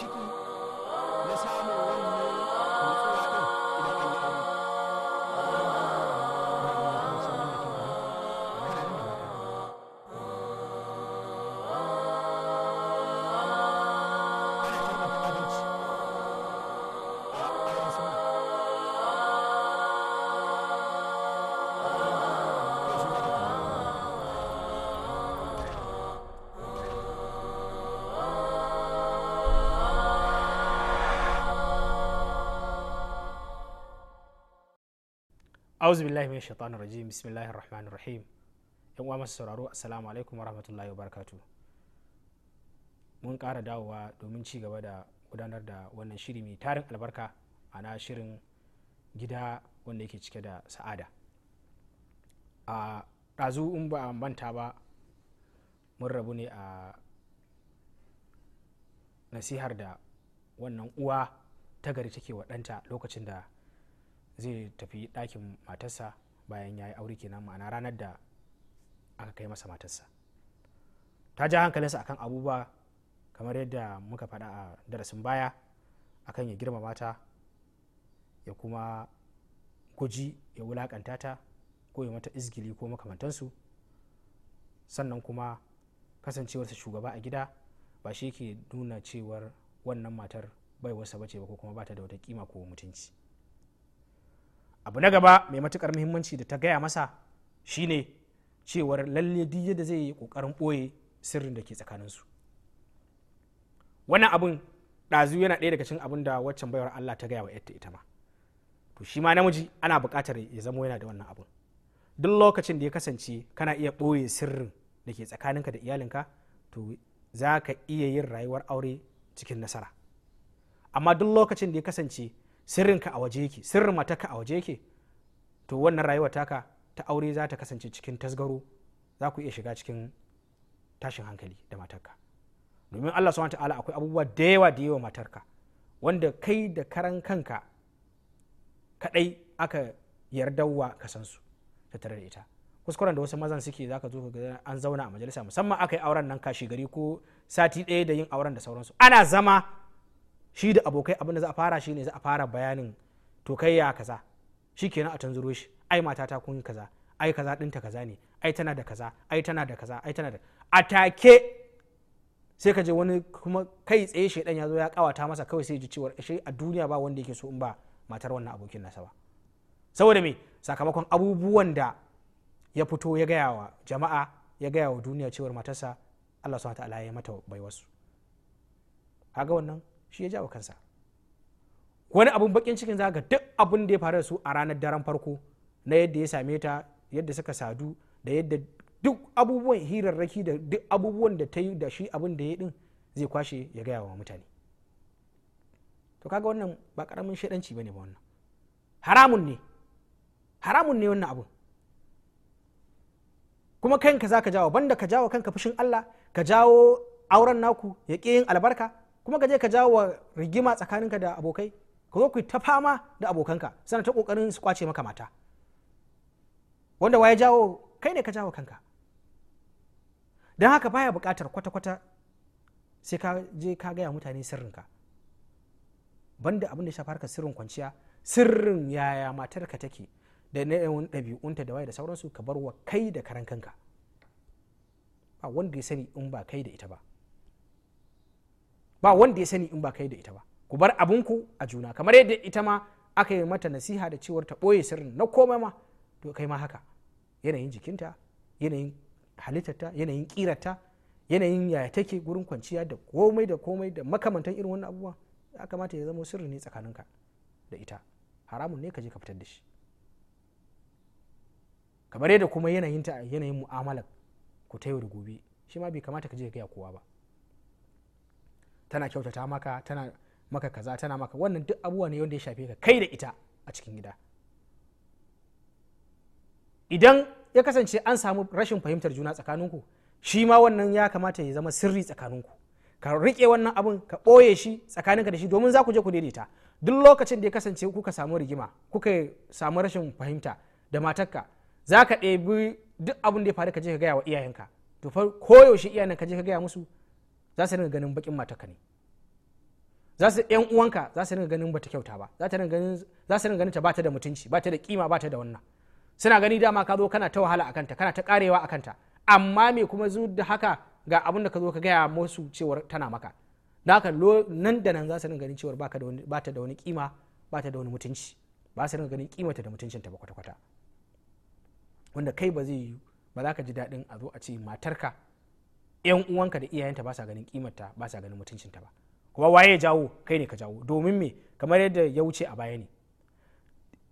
마시고 auzu billahi min shaitan rajim bismillahir rahmanir rahim yan uwa masu sauraro assalamu alaikum warahmatullahi wabarakatuh mun kara dawowa domin ci gaba da gudanar da wannan shiri mai tarin albarka ana shirin gida wanda yake cike da sa'ada a ɗazu in ba manta ba mun rabu ne a nasihar da wannan uwa ta gari take wa ɗanta lokacin da zai tafi ɗakin matarsa bayan ya yi aure kenan ma'ana ranar da aka kai masa matarsa ta ja hankalinsa akan abubuwa kamar yadda muka faɗa a darasin baya akan ya girma mata ya kuma guji ya wulakanta ta ko ya mata izgili ko makamantansu sannan kuma kasancewarsa shugaba a gida ba shi ke nuna cewar wannan matar bai wasa bace ba ko kuma bata da wata kima ko mutunci abu na gaba mai matukar muhimmanci da ta gaya masa shine cewar lalle duk da zai yi kokarin boye sirrin da ke tsakaninsu wannan abun ɗazu yana ɗaya daga cikin abin da waccan baiwar allah ta gaya wa yadda ita ma to shi ma namiji ana buƙatar ya zamo yana da wannan abun duk lokacin da ya kasance kana iya ɓoye sirrin da ke tsakaninka da iyalinka to za ka iya yin rayuwar aure cikin nasara amma duk lokacin da ya kasance sirrinka a waje yake sirrin matarka a waje yake to wannan rayuwa taka ta aure za ta kasance cikin tasgaro za ku iya shiga cikin tashin hankali da matarka domin allah subhanahu ta'ala akwai abubuwa da yawa da yawa matarka wanda kai da karan kanka kadai aka yarda wa kasan san su tare da ita kuskuren da wasu mazan suke za ka zo ka an zauna a majalisa musamman aka yi auren nan kashi gari ko sati ɗaya da yin auren da sauransu ana zama shi da abokai abin da za a fara shi ne za a fara bayanin to kai ya kaza shi kenan a tanzuro shi ai matata kun kaza ai kaza ɗinta kaza ne ai tana da kaza ai tana da kaza ai tana da a take sai ka je wani kuma kai tsaye shaidan ya zo ya kawata masa kawai sai ji cewa shi a duniya ba wanda yake so in ba matar wannan abokin nasa ba saboda me sakamakon abubuwan da ya fito ya gaya wa jama'a ya gaya wa duniya cewar matarsa Allah subhanahu ta'ala ya mata baiwarsu kaga wannan shi ya jawo kansa wani abun bakin cikin za ga duk abun da ya faru da su a ranar daren farko na yadda ya same ta yadda suka sadu da yadda duk abubuwan hirarraki da duk abubuwan da ta yi da shi abun da ya din zai kwashe ya gaya wa mutane to kaga wannan ba karamin shaidanci bane ba wannan haramun ne haramun ne wannan abun kuma kanka za ka jawo banda ka jawo kanka fushin Allah ka jawo auren naku ya ƙi yin albarka kuma ka je ka jawo rigima tsakaninka da abokai ka zo ku ta fama da abokanka sana ta kokarin su kwace maka mata wanda waye jawo kai ne ka jawo kanka don haka baya bukatar kwata-kwata sai ka je ka gaya mutane sirrinka banda abin da shafa ka sirrin kwanciya sirrin yaya matarka take da yawan ɗabi'unta da waye da sauransu ka bar wa kai da karan kanka ba wanda ya sani in ba kai da ita ba ba wanda ya sani in ba kai da ita ba ku bar ku a juna kamar yadda ita ma aka yi mata nasiha da cewar ta ɓoye sirrin na komai ma to kai ma haka yanayin jikinta yanayin halittarta yanayin kirarta yanayin yaya take gurin kwanciya da komai da komai da makamantan irin wannan abubuwa ya kamata ya zama sirri ne tsakaninka da ita haramun ne ka je ka fitar da shi kamar yadda kuma yanayin ta yanayin mu'amalar ku ta yau da gobe shi ma bai kamata ka je ka gaya kowa ba tana kyautata maka tana maka kaza tana maka wannan duk abubuwa ne wanda ya shafe ka kai da ita a cikin gida idan ya kasance an samu rashin fahimtar juna tsakaninku shi ma wannan ya kamata ya zama sirri tsakaninku ka rike wannan abin ka ɓoye shi tsakaninka da shi domin za ku je ku daidaita duk lokacin da ya kasance kuka samu rigima kuka samu rashin fahimta da matarka za ka ɗebi duk abin da ya faru ka je ka gaya wa iyayenka to koyaushe iyayen ka je ka gaya musu za su ringa ganin bakin matarka ne za su yan uwanka za su ringa ganin bata kyauta ba za su ringa ganin ta bata da mutunci bata da kima bata da wannan suna gani dama ka zo kana ta wahala a kanta kana ta karewa a kanta amma me kuma zu da haka ga abin da ka zo ka gaya musu cewar tana maka da haka nan da nan za su ringa ganin cewar bata da wani kima bata da wani mutunci ba su ringa ganin ta da ta ba kwata-kwata wanda kai ba zai yi ba za ka ji daɗin a zo a ce matarka yan uwanka da iyayenta ba sa ganin kimarta ba sa ganin mutuncinta ba kuma waye jawo kai ne ka jawo domin me kamar yadda ya wuce a baya ne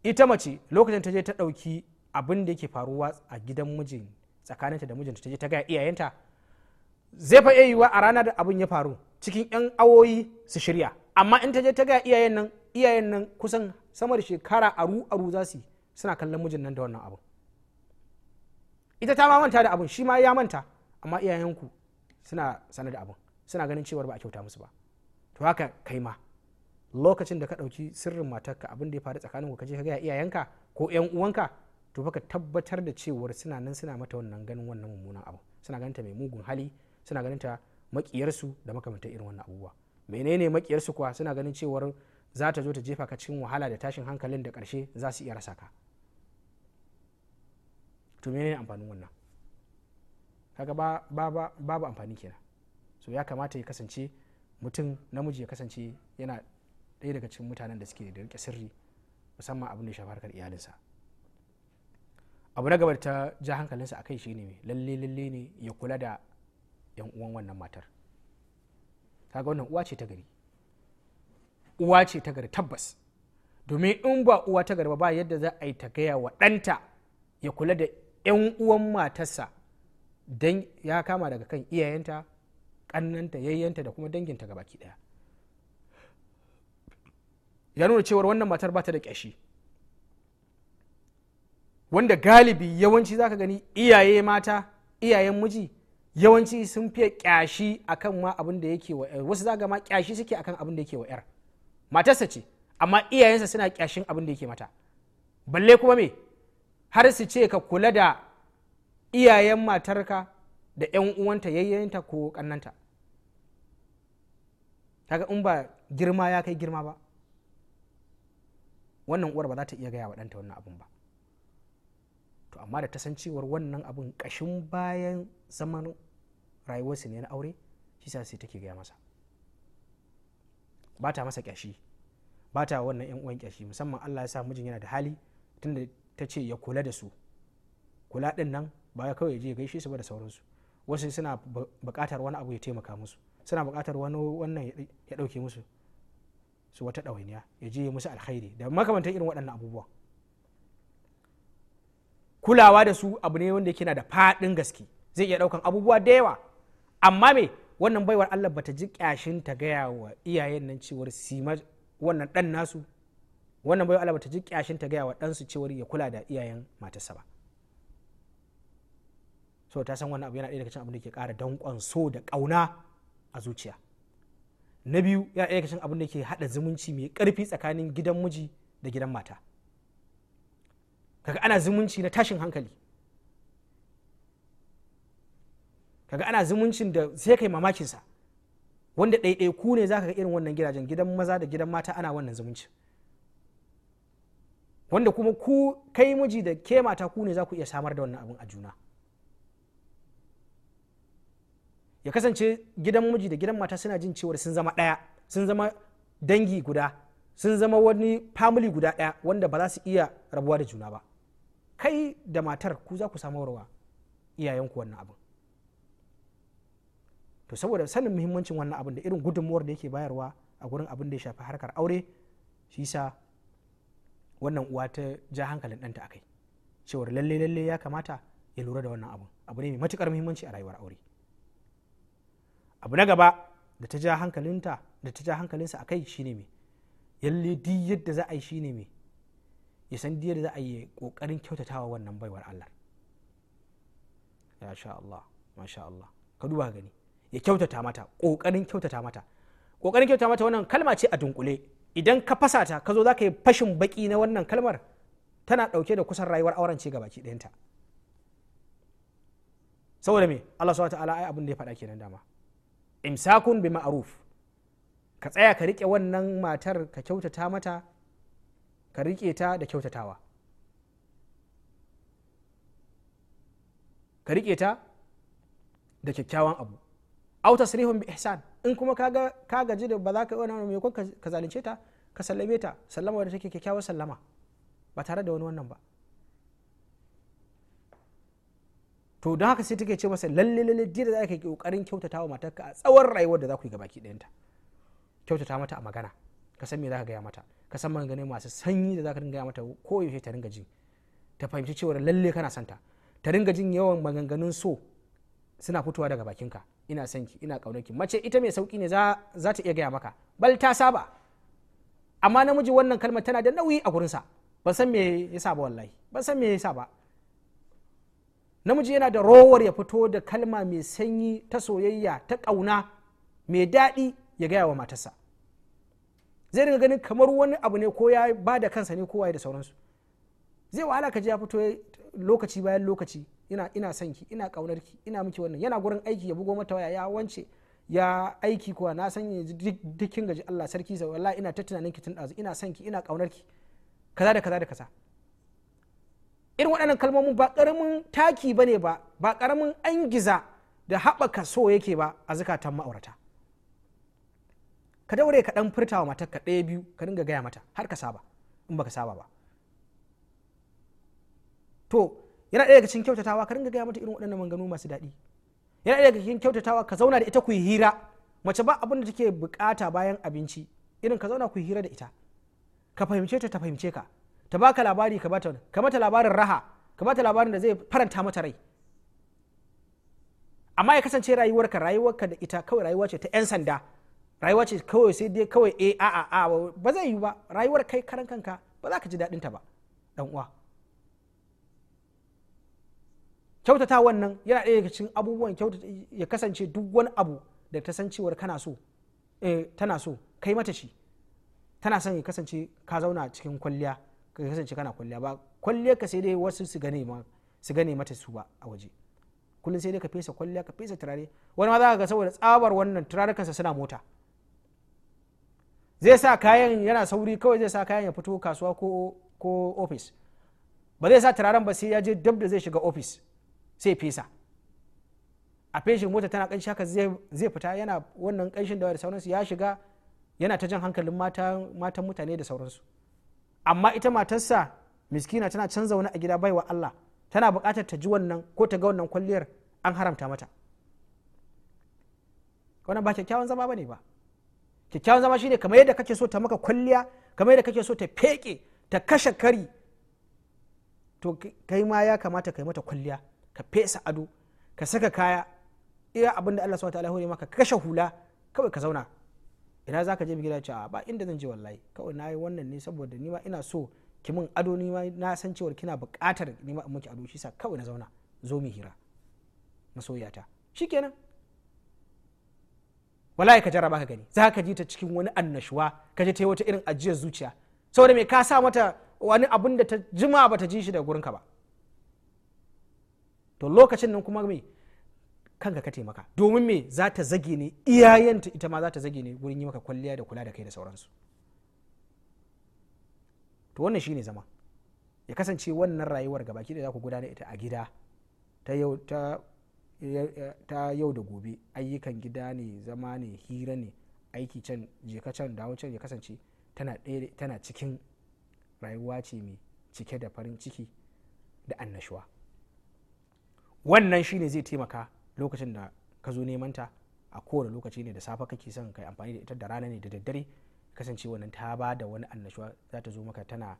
ita mace lokacin ta je ta ɗauki abin da yake faruwa a gidan mijin tsakaninta da mijinta ta je ta gaya iyayenta zai fa yiwuwa a rana da abin ya faru cikin 'yan awoyi su shirya amma in ta je ta ga iyayen nan iyayen nan kusan sama da shekara aru aru za su suna kallon mijin nan da wannan abin ita ta ma manta da abin shi ma ya manta amma iyayenku suna sanar da abin suna ganin cewar ba a kyauta musu ba to haka kai ma lokacin da ka ɗauki sirrin matarka abin da ya faru tsakanin ku kaje ka gaya iyayenka ko yan uwanka to baka tabbatar da cewar suna nan suna mata wannan ganin wannan mummunan abu suna ganin ta mai mugun hali suna ganin ta su da makamantar irin wannan abubuwa menene makiyarsu kuwa suna ganin cewar za ta zo ta jefa ka cikin wahala da tashin hankalin da karshe za su iya rasa ka to menene amfanin wannan kaga babu amfani kenan so ya kamata ya kasance mutum namiji ya kasance yana ɗaya daga cikin mutanen da suke da rike sirri musamman abin da shafi harkar iyalinsa abu na gaba da ta ja hankalinsa a kai shine lalle lalle ne ya kula da yan uwan wannan matar kaga wannan uwa ce ta gari uwa ce ta gari tabbas domin in ba uwa ta gari ba yadda za a yi ta gaya wa ɗanta ya kula da yan uwan matarsa dan ya kama daga kan iyayenta kannanta yayyanta da kuma danginta gabaki daya ya nuna cewar wannan matar bata da ƙyashi wanda galibi yawanci zaka gani iyaye mata iyayen miji yawanci sun fiye ƙyashi akan ma abin da yake wa wasu zaga ma ƙyashi suke akan abin da yake wa 'yar matarsa ce amma iyayensa suna ƙyashin abin da yake mata balle kuma me har su ce ka kula da iyayen matarka da 'yan uwanta yayyanta ko kannanta ta in ba girma ya kai girma ba wannan uwar ba za ta iya gaya wa ɗanta wannan abin ba to amma da ta san cewar wannan abin ƙashin bayan zaman rayuwarsu ne na aure shi sa sai take gaya masa ba ta masa ƙyashi ba ta wannan 'yan uwan ƙyashi musamman allah ya sa mijin yana da hali tunda ta ce ya kula da su kula ɗin nan ba kawai ya je gaishe su ba da sauransu wasu suna buƙatar wani abu ya taimaka musu suna buƙatar wani wannan ya ɗauke musu su wata ɗawainiya ya je musu alkhairi da makamantan irin waɗannan abubuwan kulawa da su abu ne wanda yake na da faɗin gaske zai iya ɗaukan abubuwa da yawa amma me wannan baiwar allah bata ji ƙyashin ta gaya wa iyayen nan cewar sima wannan ɗan nasu wannan baiwar allah bata ji ƙyashin ta gaya wa ɗansu cewar ya kula da iyayen matarsa ba so ta san wannan abu yana ɗaya daga cikin abin da ke ƙara danƙon so da ƙauna a zuciya na biyu yana ɗaya daga cikin abin da ke haɗa zumunci mai ƙarfi tsakanin gidan miji da gidan mata kaga ana zumunci na tashin hankali kaga ana zumuncin da sai kai mamakin sa wanda ɗaiɗai ku ne za ka ga irin wannan gidajen gidan maza da gidan mata ana wannan zumuncin wanda kuma ku kai miji da ke mata ku ne za ku iya samar da wannan abin a juna ya kasance gidan miji da gidan mata suna jin cewar sun zama ɗaya sun zama dangi guda sun zama wani family guda ɗaya wanda ba za su iya rabuwa da juna ba kai da matar ku za ku samarwa iyayenku wannan abin to saboda sanin muhimmancin wannan abin da irin gudunmuwar da yake bayarwa a gurin abin da ya shafi harkar aure shi sa wannan uwa ta ja hankalin ɗanta akai cewar lalle lalle ya kamata ya lura da wannan abu abu ne mai matukar muhimmanci a rayuwar aure abu na gaba da ta ja hankalinta da ta ja hankalinsa akai shine me yalle di yadda za a yi shine me ya san di yadda za a yi kokarin kyautatawa wannan baiwar Allah ya sha Allah masha Allah ka duba gani ya kyautata mata kokarin kyautata mata kokarin kyautata mata wannan kalma ce a dunkule idan ka fasa ta ka zo za ka yi fashin baki na wannan kalmar tana dauke da kusan rayuwar auren ce gabaki ɗayanta saboda me Allah subhanahu wa ta'ala ai abin da ya faɗa kenan dama imsakun bi ma'aruf ka tsaya ka rike wannan matar ka kyautata mata ka rike ta da kyautatawa ka rike ta da kyakkyawan abu auta sirihun bi ihsan in kuma ka gaji da ba za ka yi wani mai ka zalunce ta ka sallame ta sallama wadda take kyakkyawar sallama ba tare da wani wannan ba to don haka sai take ce masa lalle lalle da za ka yi kokarin kyautata wa matarka a tsawon rayuwar da za ku yi gabaki ɗayanta kyautata mata a magana ka san me za ka gaya mata ka san maganganu masu sanyi da za ka dinga gaya mata ko yaushe ta ringa ji ta fahimci cewa lalle kana santa ta ringa jin yawan maganganun so suna fitowa daga bakinka ina son ki ina kaunar ki mace ita mai sauki ne za ta iya gaya maka bal ta saba amma namiji wannan kalmar tana da nauyi a gurinsa ban san me yasa ba wallahi ban san me yasa ba namiji yana da rowar ya fito da kalma mai sanyi ta soyayya ta ƙauna mai daɗi ya gaya wa matarsa zai dinga ganin kamar wani abu ne ko ya ba da kansa ne kowa da sauransu zai wahala ka ji ya fito lokaci bayan lokaci ina ina son ki ina kaunar ki ina miki wannan yana gurin aiki ya bugo mata waya ya wance ya aiki kuwa na san yanzu dukkin gaji Allah sarki sai wallahi ina ta tunanin ki tun ɗazu ina son ki ina kaunar ki kaza da kaza da kaza irin waɗannan kalmomin ba ƙaramin taki ba ne ba ba ƙaramin an giza da haɓaka so yake ba a zukatan ma'aurata ka daure ka ɗan furtawa matar ka ɗaya biyu ka dinga gaya mata har ka saba in baka saba ba to yana ɗaya daga cikin kyautatawa ka dinga gaya mata irin waɗannan manganu masu daɗi yana ɗaya daga cikin kyautatawa ka zauna da ita ku yi hira mace ba abin da take bukata bayan abinci irin ka zauna ku yi hira da ita ka fahimce ta ta fahimce ka ta baka labari ka bata ka bata labarin raha ka bata labarin da zai faranta mata rai amma ya kasance rayuwarka rayuwarka da ita kawai rayuwa ce ta yan sanda rayuwa ce kawai sai dai kawai eh, a a a ba zai yi ba rayuwar kai karan kanka ba za ka ji daɗinta ba dan uwa kyautata wannan yana ɗaya daga cikin abubuwan ya kasance duk wani abu da ta san cewar kana so eh, tana so kai mata shi tana son ya kasance ka zauna cikin kwalliya ka kasance kana kwalliya ba kwalliya ka sai dai wasu su gane mata su ba a waje kullum sai dai ka fesa kwalliya ka fesa turare wani ma za ka ga saboda tsabar wannan turarukansa suna mota zai sa kayan yana sauri kawai zai sa kayan ya fito kasuwa ko ko ofis ba zai sa turaren ba sai ya je dab da zai shiga ofis sai fesa a feshin mota tana kanshi haka zai fita yana wannan kanshin da sauransu ya shiga yana ta jan hankalin matan mutane da sauransu amma ita matarsa miskina tana can zaune a gida baiwa Allah tana bukatar ta ji wannan ko ta ga wannan kwalliyar an haramta mata wannan ba kyakkyawan zama bane ba kyakkyawan zama shine kamar yadda kake so ta maka kwalliya kamar yadda kake so ta feke ta kashe kari to kai ma ya kamata kai mata kwalliya ka fesa ado ka saka kaya iya abin da Allah subhanahu wa ta'ala maka kashe hula kawai ka zauna ina zaka je gida cewa ba inda zan je wallahi kawai na yi wannan ne saboda nima ina so ki min ado nima na san cewar kina buƙatar nima in miki ado shi sa kawai na zauna zo mu hira masoyata shikenan wallahi ka jarraba ka gani zaka ji ta cikin wani annashuwa ka je ta yi wata irin ajiyar zuciya saboda me ka sa mata wani abun da ta jima ba ta ji shi da gurin ka ba to lokacin nan kuma me kanka ka taimaka domin me za ta zage ne iyayenta ita ma za ta zage ne wurin yi maka kwalliya da kula da kai da sauransu to wannan shine zama ya kasance wannan rayuwar gabaki da za ku gudanar ita a gida ta yau da gobe ayyukan gida ne zama ne hira ne aiki can jeka can dawo can ya kasance tana tana cikin rayuwa ce mai cike da farin ciki da annashuwa wannan shine zai taimaka lokacin da ka zo neman ta a kowane lokaci ne da safe kake son kai amfani da ita da rana ne da daddare kasance wannan ta ba da wani annashuwa za ta zo maka tana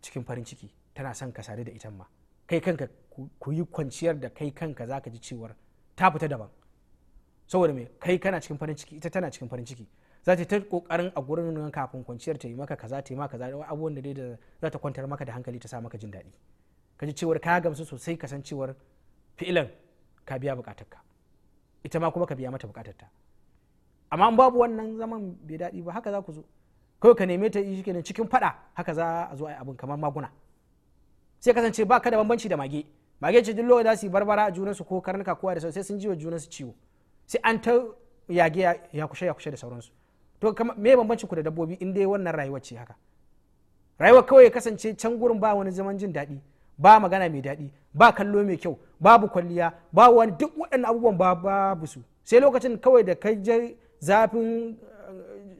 cikin farin ciki tana son ka sadu da ita ma kai kanka ku yi kwanciyar da kai kanka za ka ji cewar ta fita daban saboda me kai kana cikin farin ciki ita tana cikin farin ciki za ta yi ta kokarin a gurin nan kafin kwanciyar ta yi maka kaza ta yi maka kaza abubuwan da dai za ta kwantar maka da hankali ta sa maka jin daɗi ka ji cewar ka gamsu sosai cewar fi'ilan ka biya bukatarka ita ma kuma ka biya mata ta amma in babu wannan zaman bai daɗi ba haka za ku zo kawai ka neme ta shi kenan cikin fada haka za a zo a yi abin kamar maguna sai kasance ba ka da bambanci da mage mage ce dillo za su yi barbara a junansu ko karnuka kowa da sai sun ji wa junansu ciwo sai an ta yage ya kushe ya kushe da sauransu to me bambancin ku da dabbobi in dai wannan rayuwar ce haka rayuwar kawai ya kasance can gurin ba wani zaman jin daɗi ba magana mai daɗi ba kallo mai kyau babu kwalliya ba wani duk waɗannan abubuwan ba babu su sai lokacin kawai da kai je zafin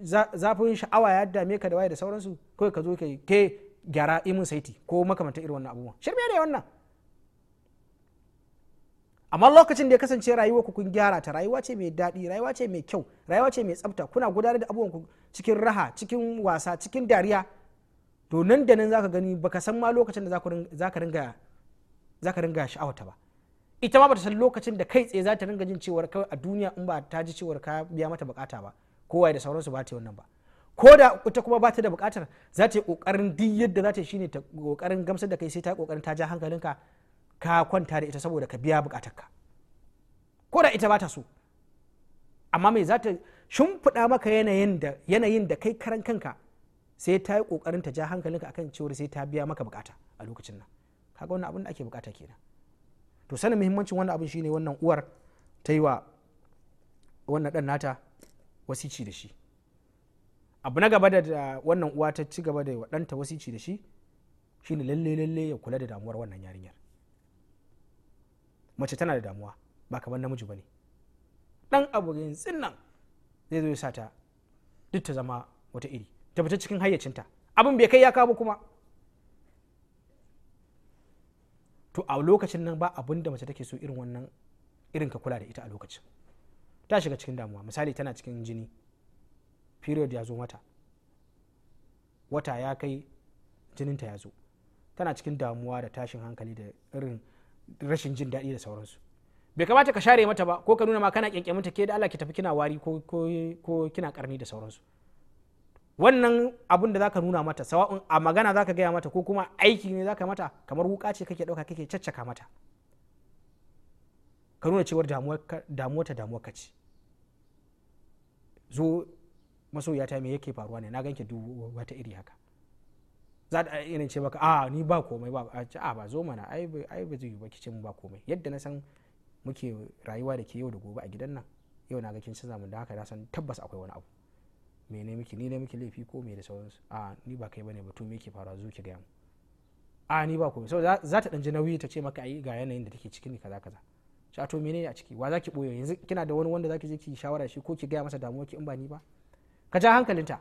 eh, zafin sha'awa ya dame ka da waye da sauransu kawai ka zo ka ke gyara imin saiti ko makamantar irin wannan abubuwan shirme ne wannan amma lokacin da ya kasance rayuwa ku kun gyara ta rayuwa ce mai daɗi rayuwa ce mai kyau rayuwa ce mai tsafta kuna gudanar da abubuwan ku cikin raha cikin wasa cikin dariya to nan da nan zaka gani baka san ma lokacin da zaka ringa zaka ringa sha'awata ba ita ma bata san lokacin da kai tsaye zata ta ringa jin cewar a duniya in ba ta ji cewar ka biya mata bukata ba kowa da sauransu ba ta wannan ba ko da ita kuma ba ta da bukatar za ta yi kokarin duk yadda za ta shine ta kokarin gamsar da kai sai ta kokarin ta ja hankalinka ka kwanta da ita saboda ka biya bukatarka ko da ita ba ta so amma mai za ta shimfiɗa maka yanayin da kai karan kanka sai ta yi kokarin ta ja hankalinka akan cewar sai ta biya maka bukata a lokacin nan kaga wannan abin da ake bukata kenan to sanin muhimmancin wannan abin shine wannan uwar ta yi wa wannan dan nata wasici da shi abu na gaba da wannan uwa ta ci gaba da wa danta wasici da shi shine lalle lalle ya kula da damuwar wannan yarinyar mace tana da damuwa ba kamar namiji ba ne ɗan abu yanzu nan zai zo ya sa ta duk ta zama wata iri ta fita cikin hayyacinta abin bai kai ya kawo kuma to a lokacin nan ba abin da mace take so irin wannan irin ka kula da ita a lokacin ta shiga cikin damuwa misali tana cikin jini period ya zo mata wata ya kai jininta ya zo tana cikin damuwa da tashin hankali da irin rashin jin daɗi da sauransu bai kamata ka share mata ba ko ka nuna ma kana kyankyamin mata ke da Allah ki tafi kina wari ko kina karni da sauransu wannan abin da zaka nuna mata sawa'un a magana zaka gaya mata ko kuma aiki ne zaka mata kamar wuka ce kake dauka kake caccaka mata ka nuna cewar damuwa ta damuwa ka ce zo masoyata me yake faruwa ne na ganke duk wata iri haka za ta irin ce baka a ah, ni ba komai ba a a ah, ba zo mana ai ba zai yi ba ce mu ba komai yadda na san muke rayuwa da ke yau da gobe a gidan nan yau na ga kin san zamu da haka na san tabbas akwai wani abu Mene miki ni ne miki laifi ko me da sauransu a ni ba kai bane batu me ke faruwa zo ki gaya mu a ni ba ku sau za ta danji nauyi ta ce maka ai ga yanayin da take cikin kaza kaza sha to mene a ciki wa za ki boye yanzu kina da wani wanda za ki je ki shawara shi ko ki gaya masa damuwa ki in ba ni ba ka ja hankalinta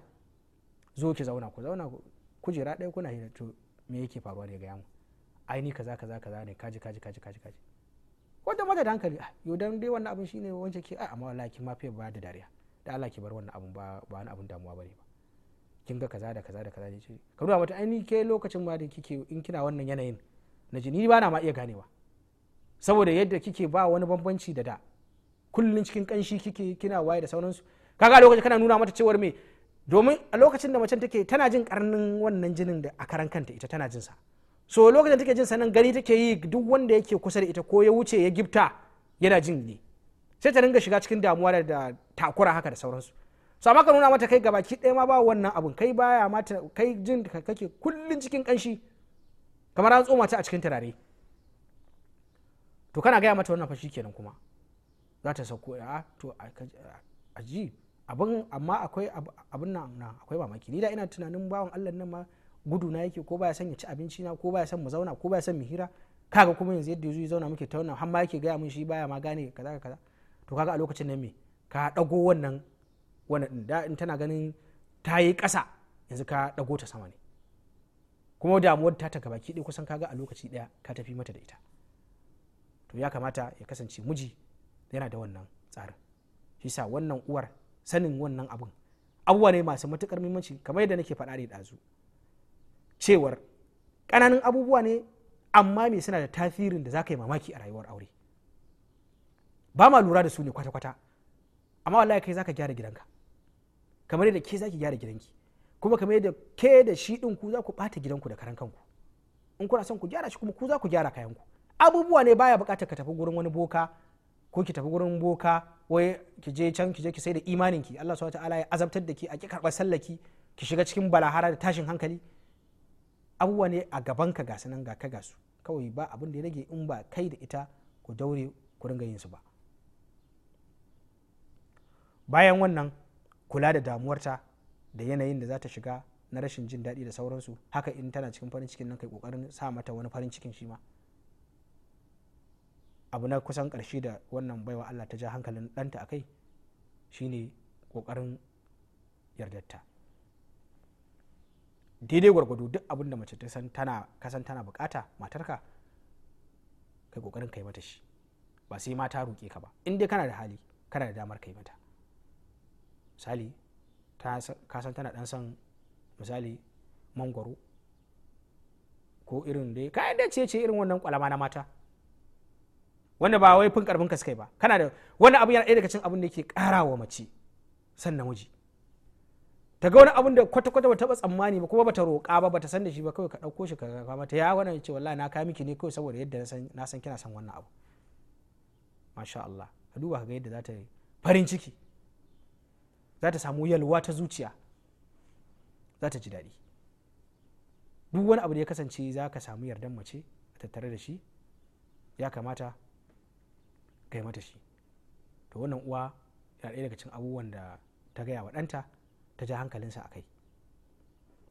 zo ki zauna ku zauna kujera ɗaya kuna hira to me yake faruwa ne gaya mu ai ni kaza kaza kaza ne kaji kaji kaji kaji kaji wanda mata da hankali ah, yau dan dai wannan abin shine wancan ke a ah, amma wallahi kin ma fiye ba da dariya da Allah ke bar wannan abun ba ba wani abun damuwa bane ba kin ga kaza da kaza da kaza ne ce ka nuna mata ainihin ke lokacin ma da kike in kina wannan yanayin na jini ba na ma iya ganewa saboda yadda kike ba wani bambanci da da kullun cikin kanshi kike kina waye da sauransu kaga lokacin kana nuna mata cewar me domin a lokacin da macen take tana jin karnin wannan jinin da a karan kanta ita tana jinsa so lokacin da take jin sanan gani take yi duk wanda yake kusa da ita ko ya wuce ya gifta yana jin ne sai ta dinga shiga cikin damuwa da takura haka da sauransu su amma ka nuna mata kai gabaki ɗaya ma ba wannan abun kai baya mata kai jin kake kullun cikin kanshi kamar an tsoma ta a cikin turare to kana gaya mata wannan fashi kenan kuma za ta sauko ah, a to a ji abin amma akwai abin nan na akwai mamaki ni da ina tunanin bawan Allah nan ma gudu na yake ko baya son ya ci abinci na ko baya son mu zauna ko baya son mu hira kaga kuma yanzu yadda yazo ya zauna muke ta wannan har ma yake gaya mun shi baya ma gane kaza kaza to kaga a lokacin nan me ka dago wannan wannan da in tana ganin ta yi ƙasa yanzu ka dago ta sama ne kuma damuwar ta ta gabaki ɗaya kusan kaga a lokaci ɗaya ka tafi mata da ita to ya kamata ya kasance miji yana da wannan tsarin shi sa wannan uwar sanin wannan abun abubuwa ne masu matukar muhimmanci kamar yadda nake faɗa da ɗazu cewar ƙananan abubuwa ne amma me suna da tasirin da za ka yi mamaki a rayuwar aure ba ma lura da su ne kwata-kwata amma wallahi kai zaka gyara gidanka kamar yadda ke zaki gyara gidanki kuma kamar yadda ke da shi din ku za ku bata gidanku da karan kanku in kuna son ku gyara shi kuma ku za ku gyara kayanku abubuwa ne baya bukatar ka tafi gurin wani boka ko ki tafi gurin boka wai ki je can ki je ki sai da imanin ki Allah subhanahu wataala ya azabtar da ki a ki karba sallaki ki shiga cikin balahara da tashin hankali abubuwa ne a gaban ka gasu nan ga ka gasu kawai ba abin da ya rage in ba kai da ita ku daure ku ringa yin su ba bayan wannan kula da damuwarta da yanayin da za ta shiga na rashin jin daɗi da sauransu haka in tana cikin farin cikin nan kai kokarin sa mata wani farin cikin shi ma abu na kusan ƙarshe da wannan baiwa Allah ta ja hankalin ɗanta akai shine kokarin yardarta daidai gwargwado duk abin da mace ta san tana kasan tana bukata matarka kai kokarin kai mata shi ba sai mata roƙe ka ba in dai kana da hali kana da damar kai mata misali ta san tana dan san misali mangwaro ko irin dai ka yadda ce ce irin wannan kwalama na mata wanda ba wai fin karfin ka ba kana da wani abu yana ɗaya daga cikin abin da yake ƙara wa mace san namiji ta ga wani abin da kwata-kwata bata tsammani ba kuma bata roƙa ba bata san da shi ba kawai ka ɗauko shi ka ga mata ya wannan ce wallahi na ka miki ne kawai saboda yadda na san kina san wannan abu masha Allah ka duba ka ga yadda za ta yi farin ciki za ta samu yalwa ta zuciya za ta ji daɗi duk wani abu da ya kasance za ka samu yardan mace a tattare da shi ya kamata kai mata shi to wannan uwa yana ɗaya daga cin abubuwan da ta gaya wa ɗanta ta ja hankalinsa a kai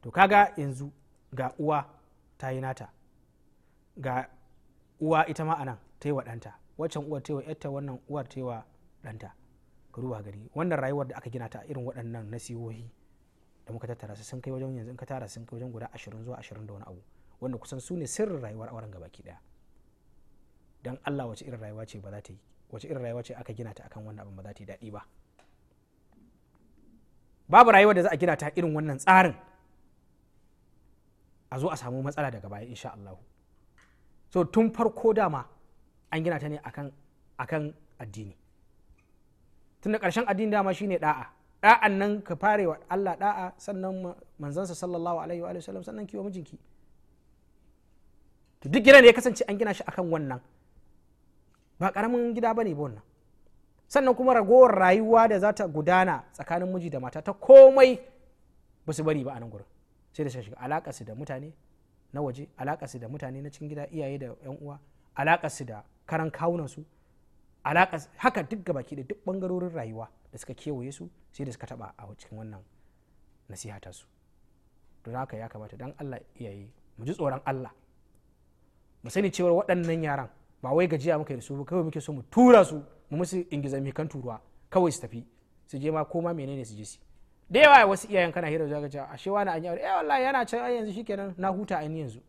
to kaga yanzu ga uwa ta yi nata ga uwa ita ma anan ta yi wa ɗanta waccan uwar ta yi wa 'yarta wannan uwar ta yi wa ɗanta ruwa gari wannan rayuwar da aka gina ta irin waɗannan nasihohi da muka tattara su sun kai wajen yanzu in ka tara sun kai wajen guda ashirin zuwa ashirin da wani abu wanda kusan su ne sirrin rayuwar auren baki daya dan Allah wace irin rayuwa ce ba za ta yi wace irin rayuwa ce aka gina ta akan wannan abin ba za ta yi daɗi ba babu rayuwar da za a gina ta irin wannan tsarin a zo a samu matsala daga baya insha Allah so tun farko dama an gina ta ne akan akan addini tunda karshen addini dama shine da'a da'an nan ka fare wa Allah da'a sannan manzansa sallallahu alaihi wa sallam sannan kiwo mijinki to duk gidan da ya kasance an gina shi akan wannan ba karamin gida bane ba wannan sannan kuma ragowar rayuwa da za ta gudana tsakanin miji da mata ta komai ba su bari ba a nan gurin sai da shiga alaƙa su da mutane na waje alaƙa su da mutane na cikin gida iyaye da yan uwa alaƙa su da karan kawunan su alaƙa haka duk baki da duk bangarorin rayuwa da suka kewaye su sai da suka taɓa a cikin wannan nasiha ta su don haka ya kamata don Allah iyaye mu ji tsoron Allah mu sani cewa waɗannan yaran ba wai gajiya muka yi su ba kawai muke so mu tura su mu musu mai kan turuwa kawai su tafi su je ma ko ma menene su je su da yawa wasu iyayen kana hira zaka ce ashe wani an yi aure eh wallahi yana can yanzu shikenan na huta an yanzu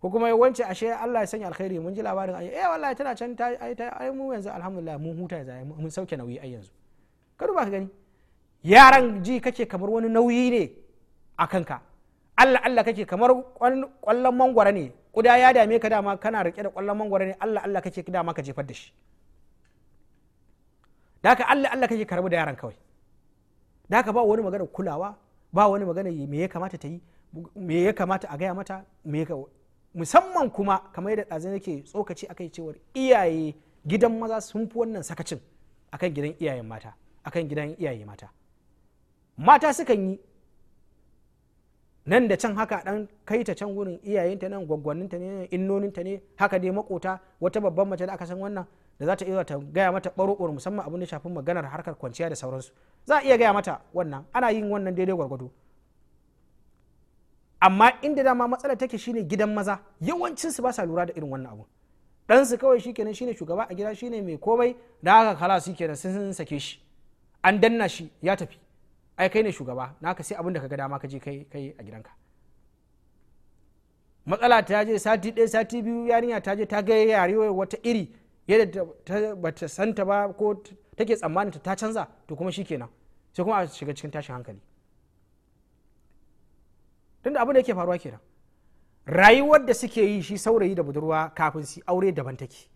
ko kuma wance ashe Allah ya sanya alkhairi mun ji labarin ayi eh wallahi tana can ta ai mu yanzu alhamdulillah mun huta yanzu mun sauke nauyi ai yanzu ka duba ka gani yaran ji kake kamar wani nauyi ne a kanka Allah Allah kake kamar kwallon mangwara ne kuda ya dame ka dama kana rike da kwallon mangwara ne Allah Allah kake dama ka jefar da shi da Allah Allah kake karbu da yaran kawai da ba wani magana kulawa ba wani magana me ya kamata ta yi me ya kamata a gaya mata me ya musamman kuma kamar yadda ɗazin yake tsokaci a akai cewar iyaye gidan maza sun fi wannan sakacin a kan gidan iyayen mata a kan gidan iyaye mata mata sukan yi nan da can haka ɗan kai ta can gurin iyayenta nan gwaggwaninta ne innoninta ne haka dai makota wata babban mace da aka san wannan da za ta iya ta gaya mata ɓaro musamman abin da shafin maganar harkar kwanciya da sauransu za a iya gaya mata wannan ana yin wannan daidai gwargwado amma inda dama matsala take shine gidan maza yawancin su ba sa lura da irin wannan abu dan su kawai shikenan shine shugaba a gida shine mai komai da haka kala su kenan sun sake shi an danna shi ya tafi ai kai ne shugaba naka sai abin da kaga dama ka je kai kai a gidanka matsala ta je sati ɗaya sati biyu yarinya ta je ta ga yarewa wata iri yadda ta ta santa ba ko take tsammanin ta canza to kuma shikenan sai kuma a shiga cikin tashin hankali tunda abin da yake faruwa kenan rayuwar da suke yi shi saurayi da budurwa kafin su aure daban take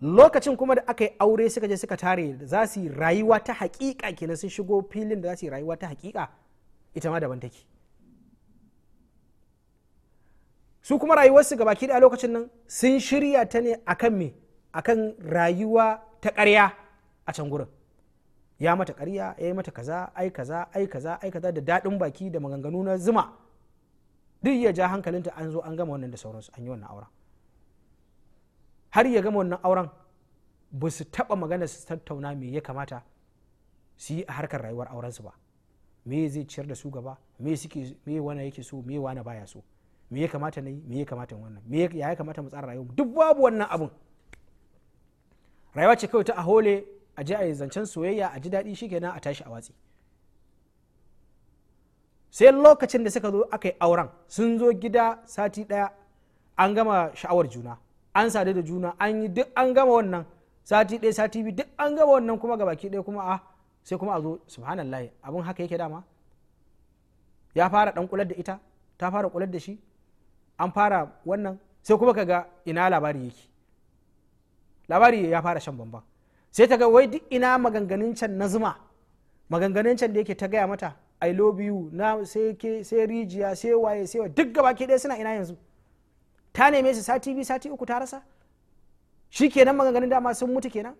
lokacin kuma da aka yi aure suka je suka tare za su yi rayuwa ta hakika kenan sun shigo filin da za su yi rayuwa ta hakika ita ma daban take su kuma rayuwarsu ga baki da lokacin nan sun shirya ta ne akan me akan rayuwa ta ƙarya a can gurin ya mata kariya ya yi mata kaza ai kaza ai kaza ai kaza da daɗin baki da maganganu na zuma duk ya ja hankalinta an zo an gama wannan da sauransu an yi wannan auren har ya gama wannan auren ba su taɓa magana su tattauna me ya kamata su yi a harkar rayuwar aurensu ba me zai ciyar da su gaba me suke me wani yake so me wani baya so me ya kamata na yi me ya kamata wannan me ya kamata mu tsara rayuwa duk babu wannan abun rayuwa ce kawai ta a hole a ji a yi zancen soyayya a ji daɗi shi shikenan a tashi a watsi sai lokacin da suka zo aka yi auren sun zo gida sati ɗaya an gama sha'awar juna an sadu da juna an yi duk an gama wannan sati ɗaya sati biyu duk an gama wannan kuma ga baki ɗaya kuma a ah, sai kuma a zo subhanallah abin haka yake dama ya fara ɗan kular da ita ta fara kular da shi an fara wannan sai kuma ka ga ina labari yake labari ya fara shan bamban sai ta ga wai duk ina maganganun can na zuma maganganun can da yake ta gaya mata i love you na sai ke sai rijiya sai waye sai duk gaba ke ɗaya suna ina yanzu ta neme su sati biyu sati uku ta rasa shi kenan maganganun dama sun mutu kenan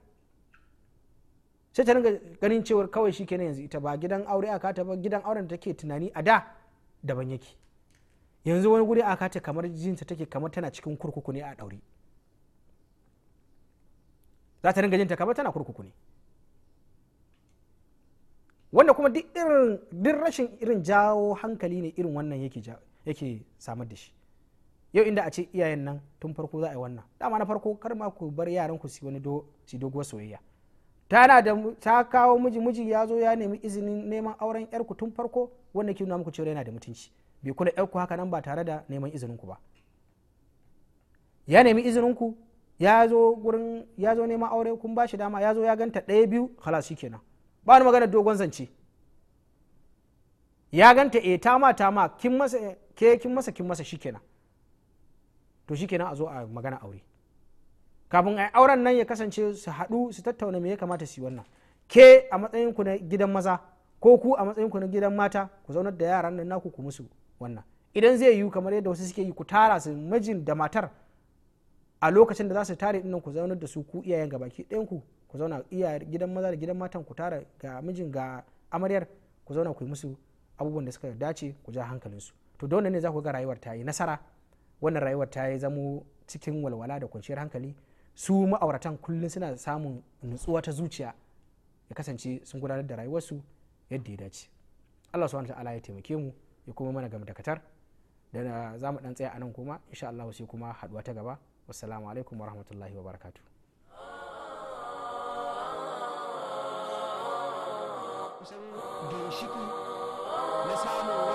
sai ta ringa ganin cewar kawai shi kenan yanzu ita ba gidan aure aka ta ba gidan auren da take tunani a da daban yake yanzu wani guri aka ta kamar jinta take kamar tana cikin kurkuku ne a ɗaure za ta ringa jinta kamar tana kurkuku ne wanda kuma duk irin duk rashin irin jawo hankali ne irin wannan yake yake samar da shi yau inda a ce iyayen nan tun farko za a yi wannan dama na farko kar ma ku bar yaran ku su wani su doguwar soyayya tana da ta kawo miji miji ya zo ya nemi izinin neman auren yar ku tun farko wanda ke nuna muku cewa yana da mutunci bai kula yar ku haka nan ba tare da neman izinin ku ba ya nemi izinin ku ya zo gurin ya zo neman aure kun ba shi dama ya zo ya ganta ɗaya biyu halas shi kenan ba ni magana dogon zance ya ganta e ta ma kin masa ke kin masa kin masa shi kenan to shi kenan a zo a magana aure kafin a auren nan ya kasance su haɗu su tattauna me ya kamata su yi wannan ke a matsayin ku na gidan maza ko ku a matsayin ku na gidan mata ku zaunar da yaran nan naku ku musu wannan idan zai yiwu kamar yadda wasu suke yi ku tara su mijin da matar a lokacin da za su tare dinnan ku zaunar da su ku iyayen ga baki ɗayan ku ku zauna iya gidan maza da gidan matan ku tara ga mijin ga amaryar ku zauna ku yi musu abubuwan da suka dace ku ja hankalinsu to da ne za ku ga rayuwar ta yi nasara wannan rayuwar ta yi zamo cikin walwala da kwanciyar hankali su ma'auratan kullum suna samun nutsuwa ta zuciya ya kasance sun gudanar da rayuwarsu yadda ya dace allah subhanahu ta'ala ya taimake mu ya kuma mana gama dakatar da za mu dan tsaya a nan kuma insha allah sai kuma haduwa ta gaba wassalamu alaikum warahmatullahi wabarakatuh kusan ginshiki na samun